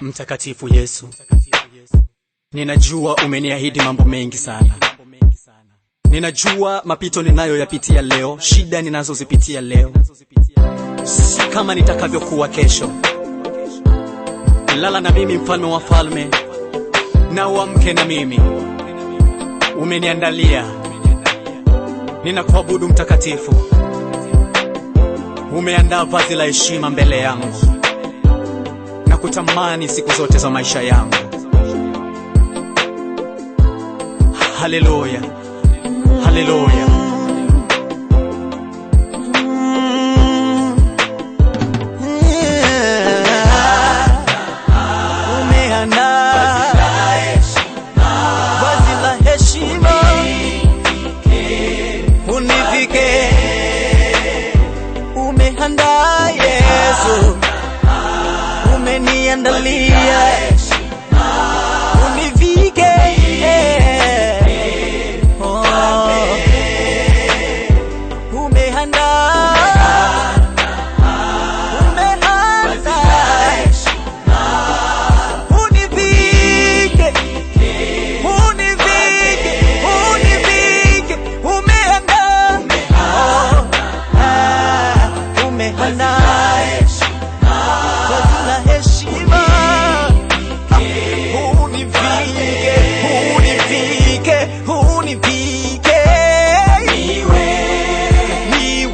Mtakatifu Yesu, ninajua umeniahidi mambo mengi sana. Ninajua mapito ninayoyapitia leo, shida ninazozipitia leo, si kama nitakavyokuwa kesho. Lala na mimi, mfalme wa falme, na uamke na mimi. Umeniandalia, ninakuabudu mtakatifu. Umeandaa vazi la heshima mbele yangu na kutamani siku zote za maisha yangu. Haleluya, haleluya. Umehanda sandal লিয়া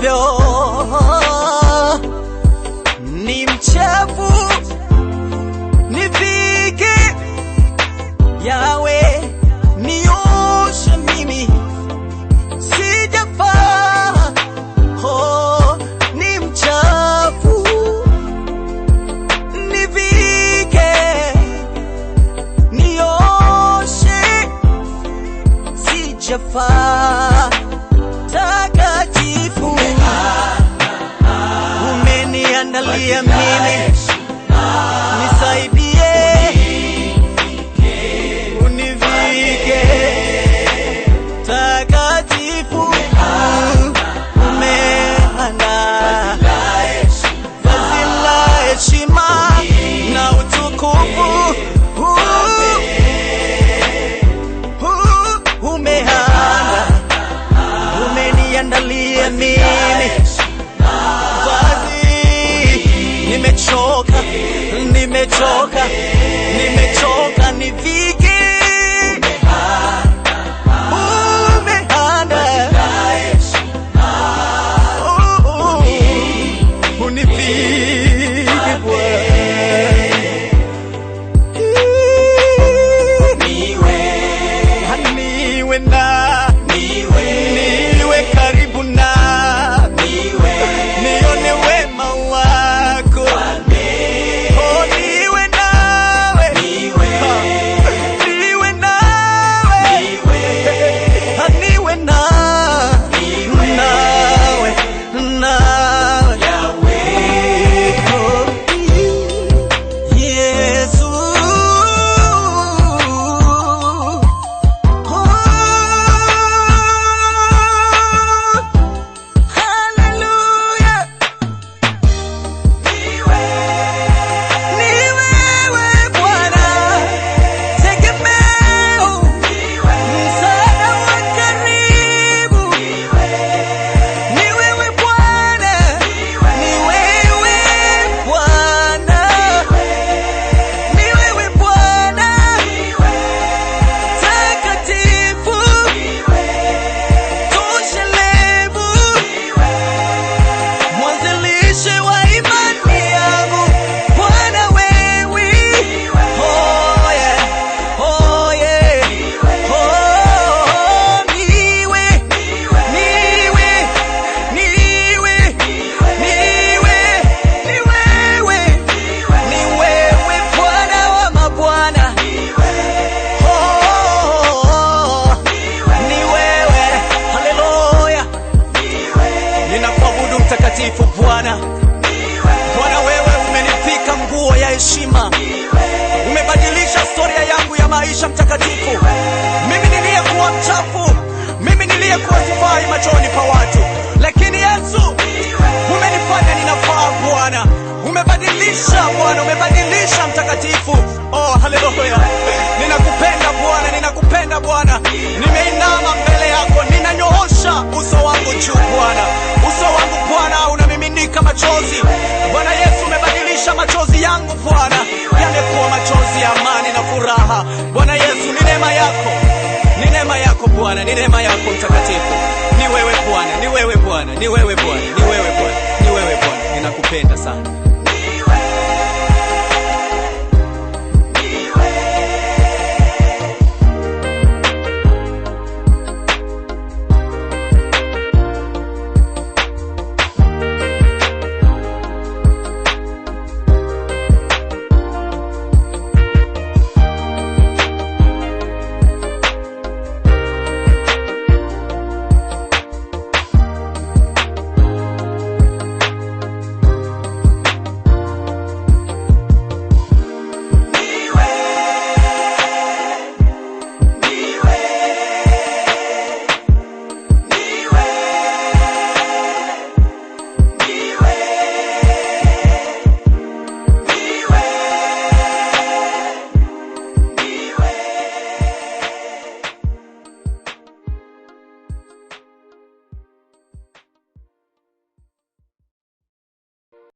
Yo and I kumrudisha mtakatifu. Mimi niliyekuwa mchafu, mimi niliyekuwa sifai machoni pa watu, lakini Yesu umenifanya ninafaa Bwana. Umebadilisha Bwana, umebadilisha mtakatifu. Oh, haleluya! Ninakupenda Bwana, ninakupenda Bwana. Nimeinama mbele yako, ninanyoosha uso wangu juu Bwana, uso wangu Bwana unamiminika machozi. Bwana Yesu, umebadilisha machozi yangu Bwana, yamekuwa Bwana, ni neema yako mtakatifu. Ni wewe Bwana, ni wewe Bwana, ni wewe Bwana, ni wewe Bwana, ni wewe Bwana, ninakupenda sana.